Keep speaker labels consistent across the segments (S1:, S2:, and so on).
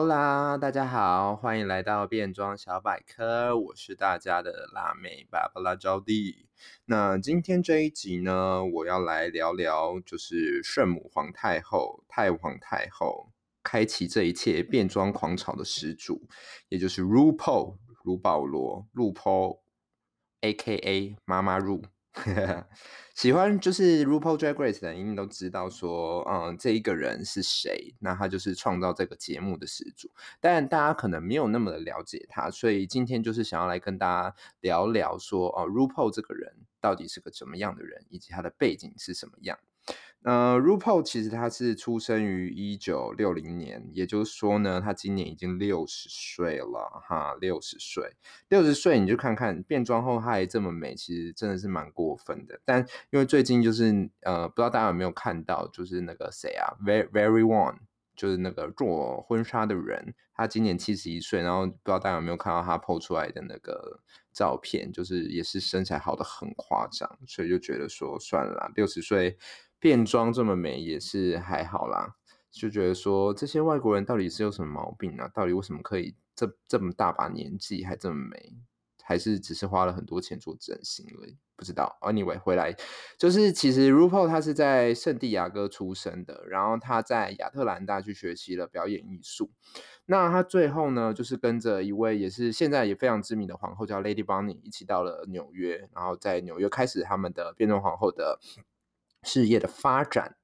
S1: 好啦，大家好，歡迎來到變裝小百科，我是大家的辣妹芭芭拉招弟。那今天這一集呢，我要來聊聊，就是聖母皇太后、太皇太後，開啟這一切變裝狂潮的始祖，也就是盧拋、盧保羅、魯 Po、AKA 媽媽盧。 喜歡就是 RuPaul Drag Race 的，人一定都知道說，嗯，這一個人是誰？那他就是創造這個節目的始祖。但大家可能沒有那麼的了解他，所以今天就是想要來跟大家聊聊說，哦，RuPaul 這個人到底是個怎麼樣的人，以及他的背景是什麼樣呃，RuPaul 其實他是出生於一九六零年，也就是說呢，他今年已經六十歲了哈，六十歲，六十歲你就看看變裝後他還這麼美，其實真的是蠻過分的。但因為最近就是呃，不知道大家有沒有看到，就是那個誰啊 Very, Very One，就是那個做婚紗的人，他今年七十一歲，然後不知道大家有沒有看到他 po 出來的那個。照片就是也是身材好的很誇張，所以就覺得說算了啦，六十歲變裝這麼美也是還好啦。就覺得說這些外國人到底是有什麼毛病啊？到底為什麼可以這這麼大把年紀還這麼美？還是只是花了很多錢做整形，不知道。Anyway，回來就是其實 RuPaul 他是在聖地亞哥出生的，然後他在亞特蘭大去學習了表演藝術。那他最後呢，就是跟着一位也是現在也非常知名的皇后叫 Lady Bunny 一起到了紐約，然後在紐約開始他們的變裝皇後的事業的發展。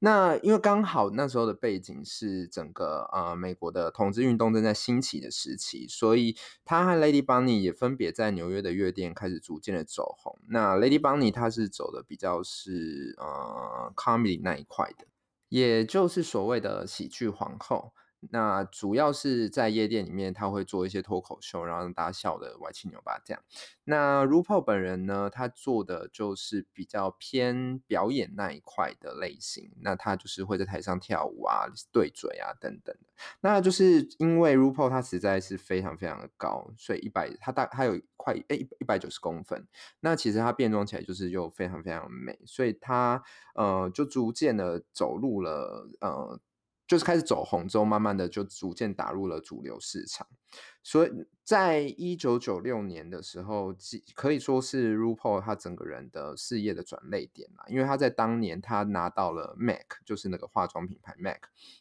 S1: 那因為剛好那時候的背景是整個、呃、美國的同志運動正在興起的時期，所以他和 Lady Bunny 也分別在紐約的夜店開始逐漸的走紅。那 Lady Bunny 她是走的比較是呃 comedy 那一塊的，也就是所謂的喜劇皇後。那主要是在夜店裡面，他會做一些脫口秀，然後讓大家笑的歪七扭八這樣。那 RuPaul 本人呢，他做的就是比較偏表演那一塊的類型。那他就是會在台上跳舞啊、對嘴啊等等。那就是因為 RuPaul 他實在是非常非常的高，所以一百他大他有快哎一一百九十公分。那其實他變裝起來就是又非常非常美，所以他呃就逐漸的走入了呃。就是開始走紅之後，慢慢的就逐漸打入了主流市場。所以在一九九六年的時候，可以說是 RuPaul 他整個人的事業的轉捩點嘛。因為他在當年他拿到了 MAC，就是那個化妝品牌 MAC，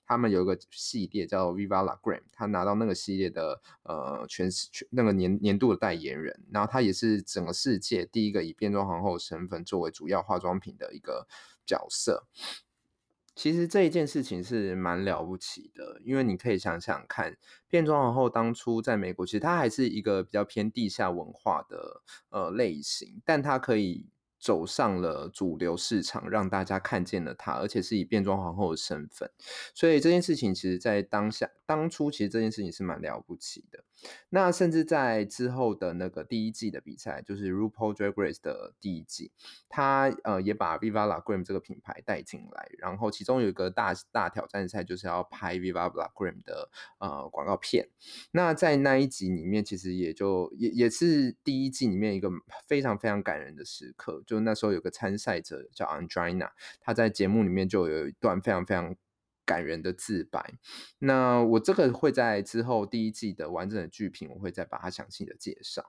S1: 他們有一個系列叫 Viva La Glam 他拿到那個系列的呃，全全那個年年度的代言人。然後他也是整個世界第一個以變裝皇后身份作為主要化妝品的一個角色。其實這一件事情是蠻了不起的，因為你可以想想看，《變裝皇後》當初在美國，其實它還是一個比較偏地下文化的呃類型，但它可以。走上了主流市場，讓大家看見了他，而且是以變裝皇後的身份。所以這件事情，其實，在當下當初，其實這件事情是蠻了不起的。那甚至在之後的那個第一季的比賽，就是 RuPaul Drag Race 的第一季，他呃也把 Viva Glam 這個品牌帶進來。然後其中有一個大大挑戰賽，就是要拍 Viva Glam 的呃廣告片。那在那一集裡面，其實也就也也是第一季裡面一個非常非常感人的時刻。就那時候有個參賽者叫 Andrina，他在節目裡面就有一段非常非常感人的自白。那我這個會在之後第一季的完整的劇評，我會再把它詳細的介紹。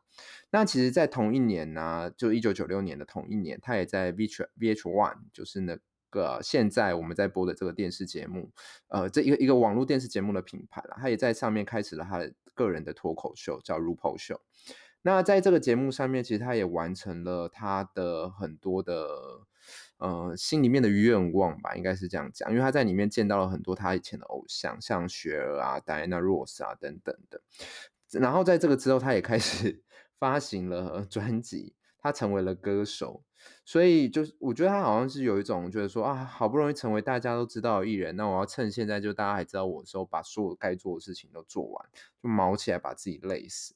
S1: 那其實，在同一年呢、啊，就一九九六年的同一年，他也在 VH VH One，就是那個現在我們在播的這個電視節目，呃，這一個一個網絡電視節目的品牌了，他也在上面開始了他的個人的脫口秀，叫 RuPaul 秀。那在這個節目上面，其實他也完成了他的很多的，呃，心裡面的願望吧，應該是這樣講。因為他在裡面見到了很多他以前的偶像，像雪兒啊、戴安娜·羅斯啊等等的。然後在這個之後，他也開始發行了專輯，他成為了歌手。所以就是，我覺得他好像是有一種就是說啊，好不容易成為大家都知道的藝人，那我要趁現在就大家還知道我的時候，把所有該做的事情都做完，就卯起來，把自己累死。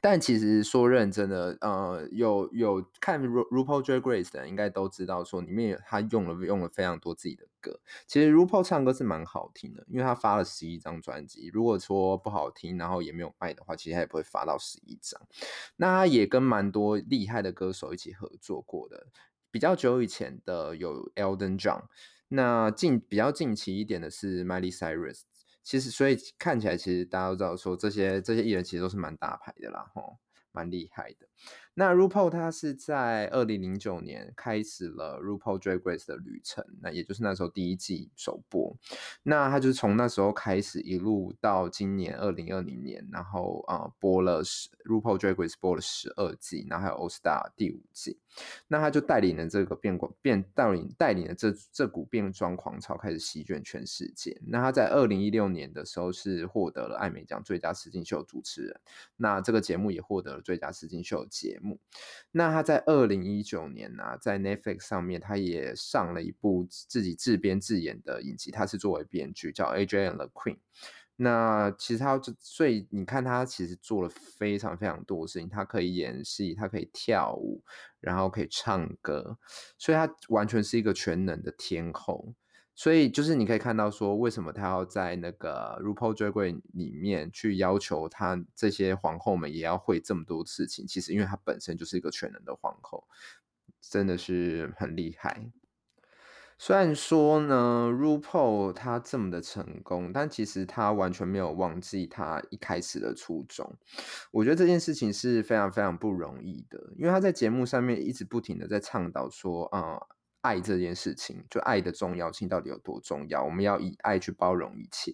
S1: 但其實說認真的，呃，有有看 Ru, RuPaul's Drag Race 的人，應該都知道說裡面有他用了用了非常多自己的歌。其實 RuPaul 唱歌是蠻好聽的，因為他發了十一張專輯。如果說不好聽，然後也沒有賣的話，其實他也不會發到十一張。那他也跟蠻多厲害的歌手一起合作過的，比較久以前的有 Elton John，那近比較近期一點的是 Miley Cyrus。其實，所以看起來，其實大家都知道，說這些這些藝人其實都是蠻大牌的啦齁，吼，蠻厲害的。那 RuPaul 他是在二零零九年開始了 RuPaul Drag Race 的旅程，那也就是那時候第一季首播。那他就是從那時候開始，一路到今年二零二零年，然後、嗯、播了 RuPaul Drag Race 播了十二季，然後還有 All Stars 第五季。那他就帶領了這個變變帶領帶領了這這股變裝狂潮開始席捲全世界。那他在二零一六年的時候是獲得了艾美獎最佳實境秀的主持人，那這個節目也獲得了最佳實境秀的。節目，那他在二零一九年呢、啊，在 Netflix 上面，他也上了一部自己自編自演的影集，他是作為編劇，叫 AJ and the Queen。那其實他最，所以你看他其實做了非常非常多的事情，他可以演戲，他可以跳舞，然後可以唱歌，所以他完全是一個全能的天後。所以就是你可以看到說，為什麼他要在那個 RuPaul Drag Race 裡面去要求他這些皇後們也要會這麼多事情？其實，因為她本身就是一個全能的皇後，真的是很厲害。雖然說呢，RuPaul 他這麼的成功，但其實他完全沒有忘記他一開始的初衷。我覺得這件事情是非常非常不容易的，因為他在節目上面一直不停的在倡導說啊。嗯愛這件事情，就愛的重要性到底有多重要？我們要以愛去包容一切。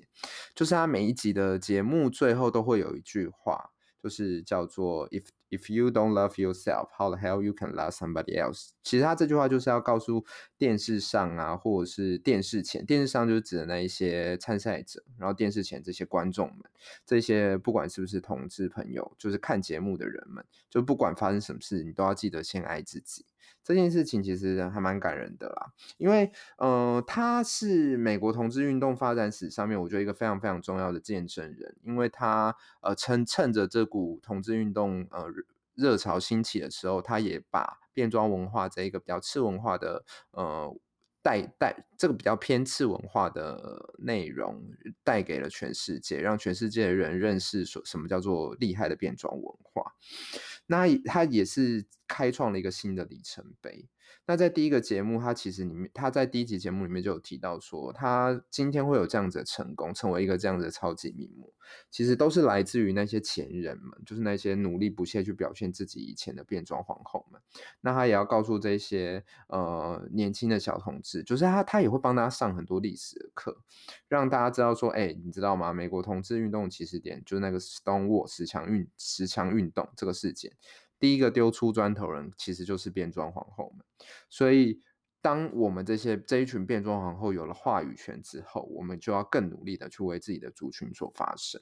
S1: 就是他每一集的節目最後都會有一句話，就是叫做 "If if you don't love yourself, how the hell you can love somebody else." 其實他這句話就是要告訴電視上啊，或者是電視前，電視上就是指的那一些參賽者，然後電視前這些觀眾們，這些不管是不是同志朋友，就是看節目的人們，就不管發生什麼事，你都要記得先愛自己。這件事情其實還蠻感人的啦，因為、呃、他是美國同志運動發展史上面，我覺得一個非常非常重要的見證人。因為他、呃、趁、趁着這股同志運動、呃、熱潮興起的時候，他也把變裝文化這一個比較次文化的、呃、帶、帶、這個比較偏次文化的內容帶給了全世界，讓全世界的人認識什麼叫做厲害的變裝文化。那他也是開創了一個新的里程碑。那在第一個節目，他其實裡面，他在第一集節目裡面就有提到說，他今天會有這樣子的成功，成為一個這樣子的超級名模，其實都是來自於那些前人們，就是那些努力不懈去表現自己以前的變裝皇後們。那他也要告訴這些呃年輕的小同志，就是他他也會幫大家上很多歷史的課，讓大家知道說，哎、欸，你知道嗎？美國同志運動的起始點就是那個 Stonewall 石牆運石牆運動這個事件。第一個丟出磚頭人其實就是變裝皇後們，所以當我們這些這一群變裝皇後有了話語權之後，我們就要更努力的去為自己的族群所發聲。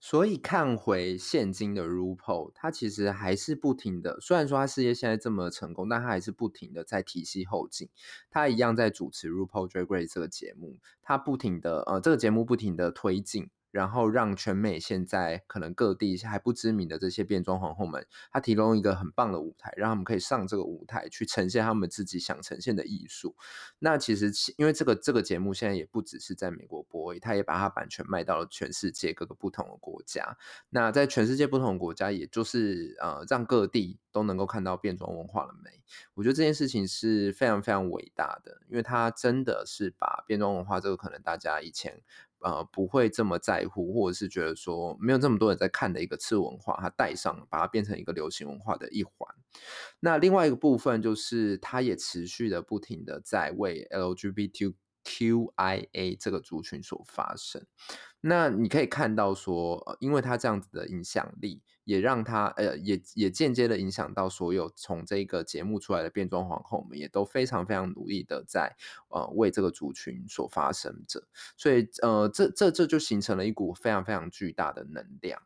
S1: 所以看回現今的 RuPaul，他其實還是不停的，雖然說他事業現在這麼成功，但他還是不停的在提攜後進，他一樣在主持 RuPaul Drag Race 這個節目，他不停的呃，這個節目不停的推進。然後讓全美現在可能各地還不知名的這些變裝皇後們，他提供一個很棒的舞台，讓他們可以上這個舞台去呈現他們自己想呈現的藝術。那其實因為這個這個節目現在也不只是在美國播，他也把它版權賣到了全世界各個不同的國家。那在全世界不同的國家，也就是呃讓各地都能夠看到變裝文化的美。我覺得這件事情是非常非常偉大的，因為他真的是把變裝文化這個可能大家以前。呃，不會這麼在乎，或者是覺得說沒有這麼多人在看的一個次文化，它帶上把它變成一個流行文化的一環。那另外一個部分就是，它也持續的不停的在為 LGBTQIA 這個族群所發聲。那你可以看到說，因為他這樣子的影響力，也讓他呃，也也間接的影響到所有從這個節目出來的變裝皇後們，也都非常非常努力的在呃為這個族群所發聲者，所以呃，這這這就形成了一股非常非常巨大的能量。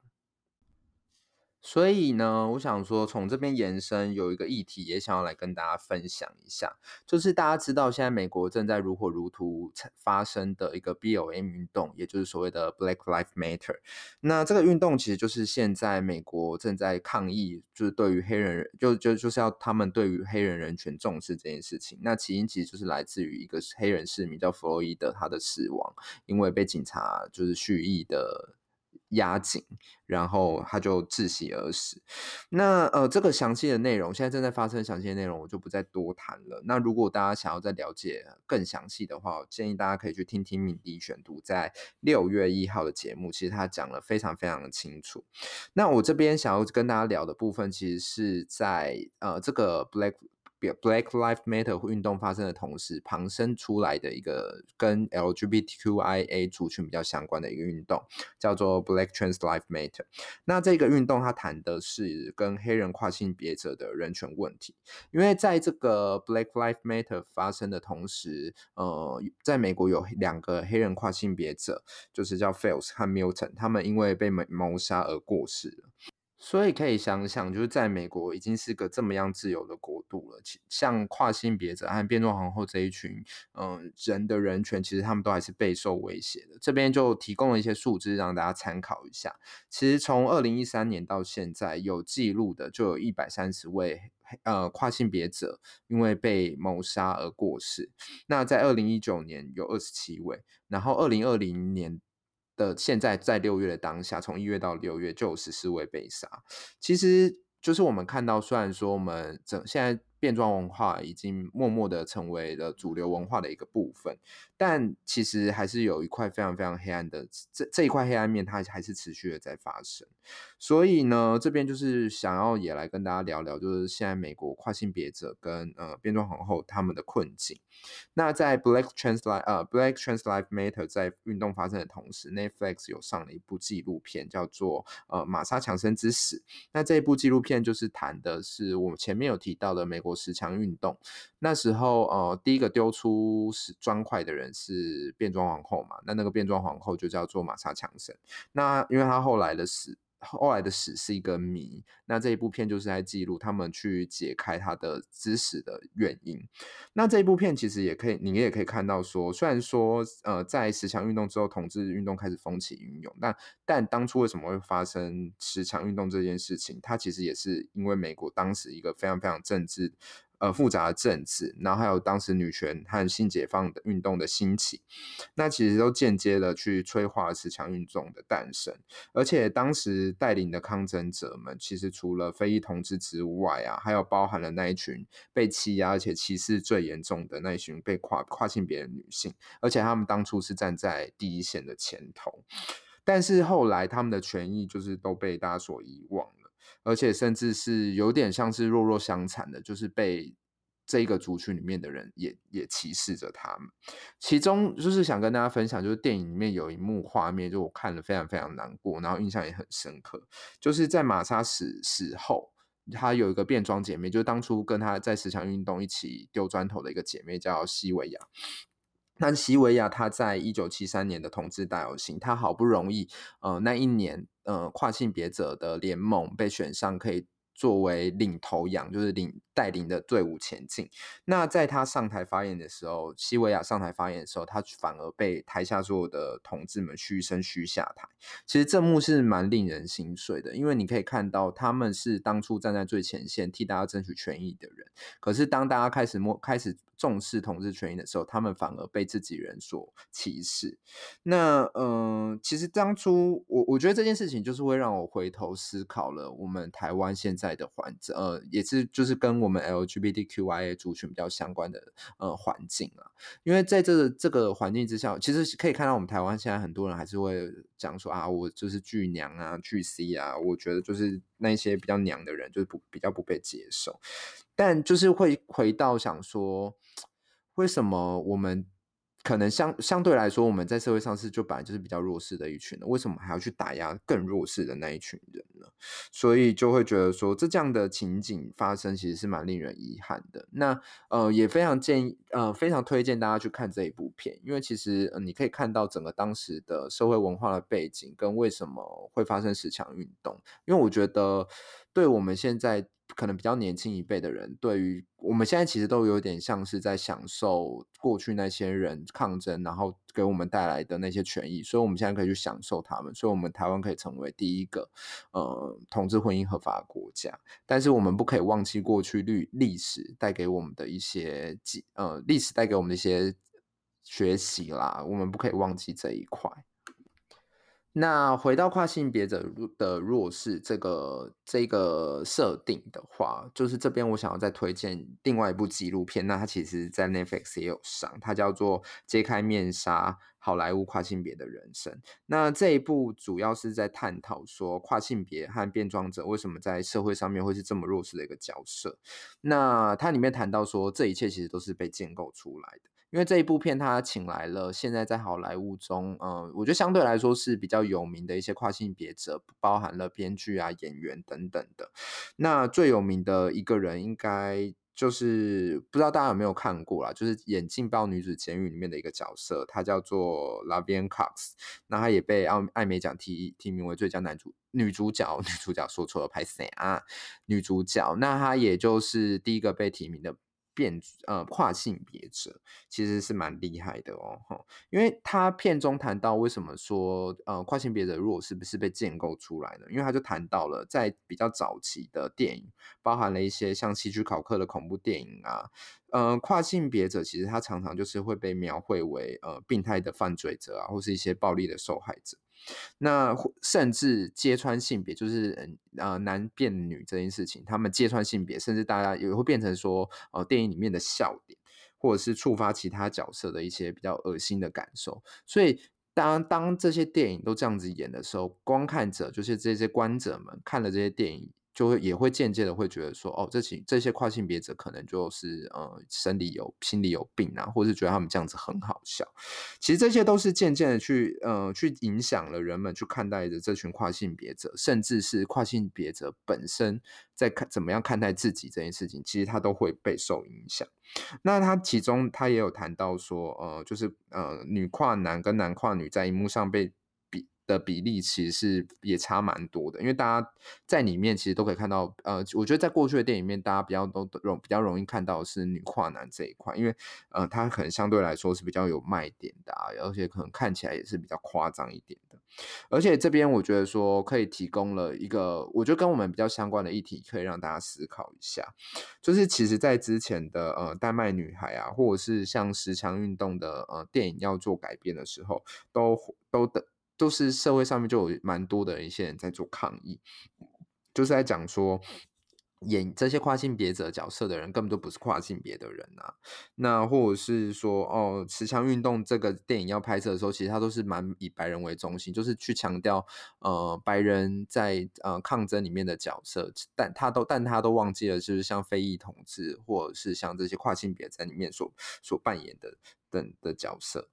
S1: 所以呢，我想說，從這邊延伸有一個議題，也想要來跟大家分享一下，就是大家知道，現在美國正在如火如荼發生的一個 BLM 運動，也就是所謂的 Black Life Matter。那這個運動其實就是現在美國正在抗議，就是對於黑人人就就就是要他們對於黑人人權重視這件事情。那起因其實就是來自於一個黑人市民叫弗洛伊德他的死亡，因為被警察就是蓄意的。壓緊，然後他就窒息而死。那呃，這個詳細的內容現在正在發生，詳細的內容我就不再多談了。那如果大家想要再了解更詳細的話，建議大家可以去聽聽敏迪選讀在六月一號的節目，其實他講了非常非常的清楚。那我這邊想要跟大家聊的部分，其實是在呃這個 Black。Black Black Lives Matter 運動發生的同時，旁生出來的一個跟 LGBTQIA 族群比較相關的一個運動，叫做 Black Trans Life Matter。那這個運動它談的是跟黑人跨性別者的人權問題。因為在這個 Black Life Matter 發生的同時，呃，在美國有兩個黑人跨性別者，就是叫 Fells 和 Milton，他們因為被謀殺而過世了。所以可以想想，就是在美國已經是個這麼樣自由的國度了，像跨性別者和變裝皇後這一群，嗯、呃，人的人權，其實他們都還是備受威脅的。這邊就提供了一些數字讓大家參考一下。其實從二零一三年到現在，有記錄的就有一百三十位呃跨性別者因為被謀殺而過世。那在二零一九年有二十七位，然後二零二零年。的現在在六月的當下，從一月到六月就有十四位被殺。其實就是我們看到，雖然說我們整現在。變裝文化已經默默的成為了主流文化的一個部分，但其實還是有一塊非常非常黑暗的這這一塊黑暗面，它還是持續的在發生。所以呢，這邊就是想要也來跟大家聊聊，就是現在美國跨性別者跟呃變裝皇后他們的困境。那在 Black Trans Life 呃、uh、Black Trans Life Matter 在運動發生的同時，Netflix 有上了一部紀錄片，叫做《呃瑪莎強生之死》。那這一部紀錄片就是談的是我們前面有提到的美國。石牆運動那時候，呃，第一個丟出石磚塊的人是變裝皇後嘛？那那個變裝皇後就叫做瑪莎強森。那因為他後來的死。後來的死是一個謎，那這一部片就是在記錄他們去解開他的致死的原因。那這一部片其實也可以，你也可以看到說，雖然說呃，在石牆運動之後，同志運動開始風起雲湧，但但當初為什麼會發生石牆運動這件事情，它其實也是因為美國當時一個非常非常政治。呃，複雜的政治，然後還有當時女權和性解放的運動的興起，那其實都間接的去催化了石牆運動的誕生。而且當時帶領的抗爭者們，其實除了非裔同志之、之外啊，還有包含了那一群被欺壓而且歧視最嚴重的那一群被跨跨性別的女性，而且他們當初是站在第一線的前頭，但是後來他們的權益就是都被大家所遺忘。而且甚至是有點像是弱弱相殘的，就是被這個族群裡面的人也也歧視着他們。其中就是想跟大家分享，就是電影裡面有一幕畫面，就我看了非常非常難過，然後印象也很深刻。就是在瑪莎死死後，她有一個變裝姐妹，就是當初跟她在石牆運動一起丟磚頭的一個姐妹叫西維亞。那西維亞他在一九七三年的同志大遊行，他好不容易，呃，那一年，呃，跨性別者的聯盟被選上，可以作為領頭羊，就是領。帶領的隊伍前進。那在他上台發言的時候，西維亞上台發言的時候，他反而被台下所有的同志們噓聲噓下台。其實這幕是蠻令人心碎的，因為你可以看到他們是當初站在最前線替大家爭取權益的人，可是當大家開始開始重視同志權益的時候，他們反而被自己人所歧視。那嗯、呃，其實當初我我覺得這件事情就是會讓我回頭思考了我們台灣現在的環境，呃，也是就是跟我。我們 LGBTQIA 族群比較相關的呃環境啊，因為在這個、這個環境之下，其實可以看到我們臺灣現在很多人還是會講說啊，我就是巨娘啊、巨 C 啊，我覺得就是那些比較娘的人就是不比較不被接受，但就是會回到想說，為什麼我們可能相相對來說我們在社會上是就本來就是比較弱勢的一群呢？為什麼還要去打壓更弱勢的那一群人？所以就會覺得說，這這樣的情景發生其實是蠻令人遺憾的。那呃，也非常建議呃，非常推薦大家去看這一部片，因為其實、呃、你可以看到整個當時的社會文化的背景跟為什麼會發生石牆運動。因為我覺得，對我們現在。可能比較年輕一輩的人，對於我們現在其實都有點像是在享受過去那些人抗爭，然後給我們帶來的那些權益，所以我們現在可以去享受他們，所以我們台灣可以成為第一個呃，同志婚姻合法國家，但是我們不可以忘記過去歷歷史帶給我們的一些記，呃，歷史帶給我們的一些學習啦，我們不可以忘記這一塊。那回到跨性別者的弱勢這個這個設定的話，就是這邊我想要再推薦另外一部紀錄片，那它其實，在 Netflix 也有上，它叫做《揭開面紗》。好萊塢跨性別的人生。那這一部主要是在探討說，跨性別和變裝者為什麼在社會上面會是這麼弱勢的一個角色？那它裡面談到說，這一切其實都是被建構出來的。因為這一部片，它請來了現在在好萊塢中，嗯，我覺得相對來說是比較有名的一些跨性別者，包含了編劇啊、演員等等的。那最有名的一個人應該。就是不知道大家有沒有看過啦，就是《眼鏡包女子監獄》裡面的一個角色，她叫做 Laverne Cox，那她也被奧艾、啊、美獎提提名為最佳男主女主角，女主角說錯了，拍誰啊，女主角，那她也就是第一個被提名的。變呃跨性別者其實是蠻厲害的哦，因為他片中談到為什麼說呃跨性別者弱是不是被建構出來呢？因為他就談到了在比較早期的電影，包含了一些像希區考克的恐怖電影啊，呃跨性別者其實他常常就是會被描繪為呃病態的犯罪者啊，或是一些暴力的受害者。那甚至揭穿性別，就是呃男變女這件事情，他們揭穿性別，甚至大家也會變成說，呃電影裡面的笑點，或者是觸發其他角色的一些比較惡心的感受。所以，當當這些電影都這樣子演的時候，觀看者就是這些觀者們看了這些電影。就會也會漸漸的會覺得說，哦，這些，這些跨性別者可能就是呃，生理有心理有病啊，或者是覺得他們這樣子很好笑。其實這些都是漸漸的去呃去影響了人們去看待的這群跨性別者，甚至是跨性別者本身在看怎麼樣看待自己這件事情，其實他都會備受影響。那他其中他也有談到說，呃，就是呃，女跨男跟男跨女在熒幕上被。的比例其實也差蠻多的，因為大家在裡面其實都可以看到，呃，我覺得在過去的電影裡面，大家比較都容比較容易看到的是女跨男這一塊，因為呃，它可能相對來說是比較有賣點的啊，而且可能看起來也是比較誇張一點的。而且這邊我覺得說可以提供了一個，我覺得跟我們比較相關的議題，可以讓大家思考一下，就是其實，在之前的呃丹麥女孩啊，或者是像石牆運動的呃電影要做改變的時候，都都等。都是社會上面就有蠻多的一些人在做抗議，就是在講說演這些跨性別者角色的人根本就不是跨性別的人啊。那或者是說，哦，石牆運動這個電影要拍攝的時候，其實它都是蠻以白人為中心，就是去強調呃白人在呃抗爭裡面的角色，但他都但他都忘記了，就是像非裔同志或者是像這些跨性別者在裡面所所扮演的等的角色。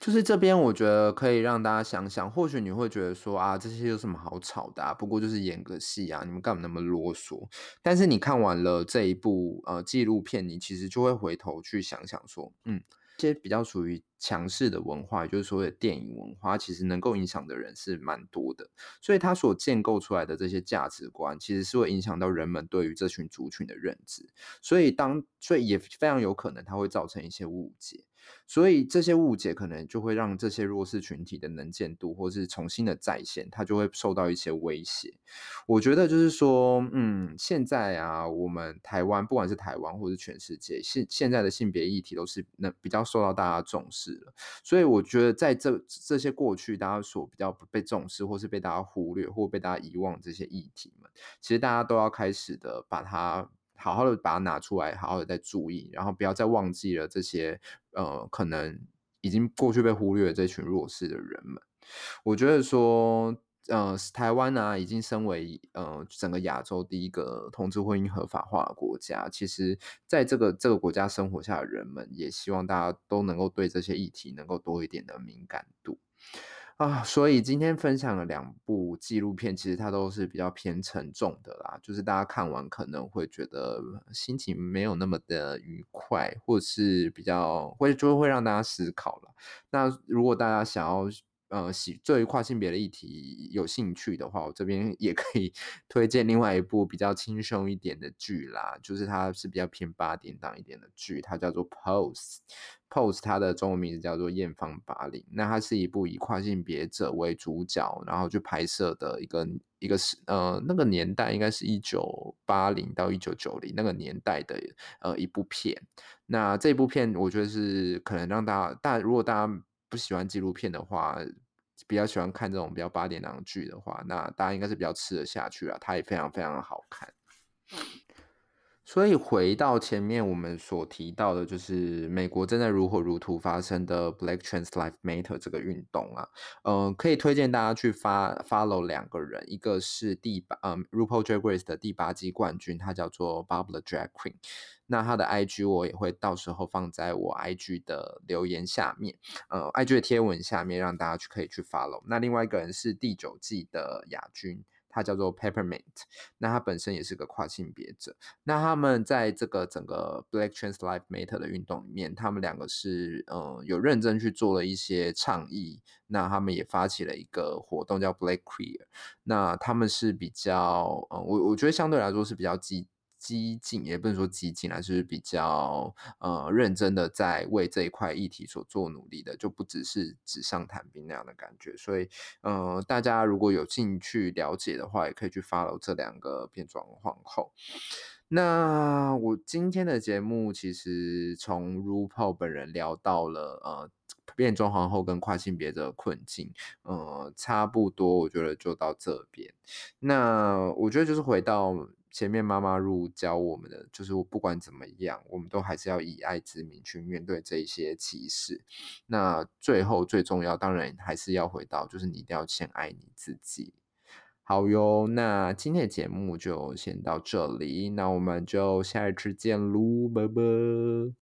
S1: 就是這邊，我覺得可以讓大家想想，或許你會覺得說啊，這些有什麼好吵的啊？不過就是演個戲啊，你們幹嘛那麼囉嗦？但是你看完了這一部呃紀錄片，你其實就會回頭去想想說，嗯，這些比較屬於強勢的文化，也就是所謂的電影文化，其實能夠影響的人是蠻多的。所以它所建構出來的這些價值觀，其實是會影響到人們對於這群族群的認知。所以當，所以也非常有可能它會造成一些誤解。所以這些誤解可能就會讓這些弱勢群體的能見度，或是重新的再現，他就會受到一些威脅。我覺得就是說，嗯，現在啊，我們台灣不管是台灣，或是全世界，現現在的性別議題都是比較受到大家重視了。所以我覺得在這這些過去大家所比較不被重視，或是被大家忽略，或被大家遺忘這些議題們，其實大家都要開始的把它。好好的把它拿出來，好好的再注意，然後不要再忘記了這些，呃，可能已經過去被忽略的這群弱勢的人們。我覺得說，呃，台灣呢，啊，已經身為，呃，整個亞洲第一個同志婚姻合法化的國家，其實在這個這個國家生活下的人們，也希望大家都能夠對這些議題能夠多一點的敏感度。啊，所以今天分享的兩部紀錄片，其實它都是比較偏沉重的啦，就是大家看完可能會覺得心情沒有那麼的愉快，或者是比較會就會讓大家思考了。那如果大家想要，呃、嗯，喜對於跨性別的議題有興趣的話，我這邊也可以推薦另外一部比較輕鬆一點的劇啦，就是它是比較偏八點檔一點的劇，它叫做、Pose《Pose》，Pose 它的中文名字叫做《豔芳八零》。那它是一部以跨性別者為主角，然後去拍攝的一個一個是呃那個年代應該是一九八零到一九九零那個年代的呃一部片。那這一部片我覺得是可能讓大家，大，如果大家。不喜歡紀錄片的話，比較喜歡看這種比較八點檔劇的話，那大家應該是比較吃得下去了。它也非常非常好看。嗯所以回到前面我們所提到的，就是美國正在如火如荼發生的 Black Trans Life Matter 這個運動啊，呃，可以推薦大家去發 follow 兩個人，一個是第八、呃，嗯，RuPaul Drag Race 的第八季冠軍，他叫做 Bob the Drag Queen，那他的 IG 我也會到時候放在我 IG 的留言下面，呃，IG 的貼文下面讓大家去可以去 follow。那另外一個人是第九季的亞軍。他叫做 Peppermint，那他本身也是個跨性別者。那他們在這個整個 Black Trans Life Matter 的運動裡面，他們兩個是呃、嗯、有認真去做了一些倡議。那他們也發起了一個活動叫 Black Queer。那他們是比較嗯，我我覺得相對來說是比較激。激進，也不能說激進，還是比較呃認真的在為這一塊議題所做努力的，就不只是紙上談兵那樣的感覺。所以呃，大家如果有興趣了解的話，也可以去 follow 這兩個變裝皇後。那我今天的節目其實從 RuPaul 本人聊到了呃變裝皇後跟跨性別者的困境，呃，差不多我覺得就到這邊。那我覺得就是回到。前面媽媽魯教我們的，就是不管怎麼樣，我們都還是要以愛之名去面對這些歧視。那最後最重要，當然還是要回到，就是你一定要先愛你自己。好喲，那今天的節目就先到這裡，那我們就下一次見囉，拜拜。